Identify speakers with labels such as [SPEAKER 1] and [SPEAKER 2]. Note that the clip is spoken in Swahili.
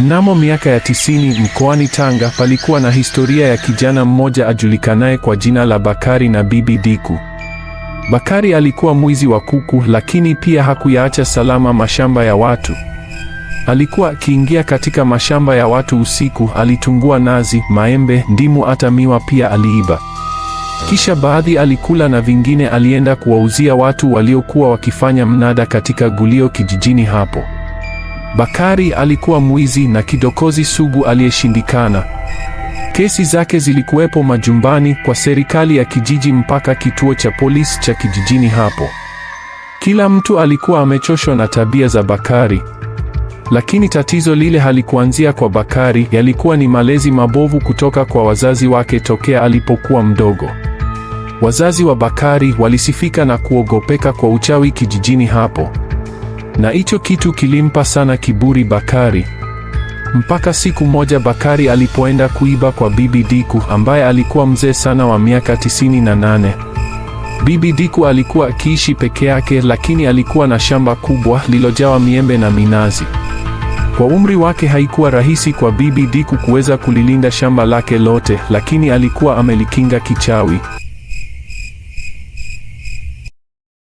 [SPEAKER 1] Mnamo miaka ya tisini mkoani Tanga palikuwa na historia ya kijana mmoja ajulikanaye kwa jina la Bakari na Bibi Diku. Bakari alikuwa mwizi wa kuku, lakini pia hakuyaacha salama mashamba ya watu. Alikuwa akiingia katika mashamba ya watu usiku, alitungua nazi, maembe, ndimu, hata miwa pia aliiba. Kisha baadhi alikula na vingine alienda kuwauzia watu waliokuwa wakifanya mnada katika gulio kijijini hapo. Bakari alikuwa mwizi na kidokozi sugu aliyeshindikana. Kesi zake zilikuwepo majumbani kwa serikali ya kijiji mpaka kituo cha polisi cha kijijini hapo. Kila mtu alikuwa amechoshwa na tabia za Bakari. Lakini tatizo lile halikuanzia kwa Bakari, yalikuwa ni malezi mabovu kutoka kwa wazazi wake tokea alipokuwa mdogo. Wazazi wa Bakari walisifika na kuogopeka kwa uchawi kijijini hapo na hicho kitu kilimpa sana kiburi Bakari. Mpaka siku moja Bakari alipoenda kuiba kwa Bibi Diku ambaye alikuwa mzee sana wa miaka tisini na nane. Bibi Diku alikuwa akiishi peke yake, lakini alikuwa na shamba kubwa lilojawa miembe na minazi. Kwa umri wake haikuwa rahisi kwa Bibi Diku kuweza kulilinda shamba lake lote, lakini alikuwa amelikinga kichawi.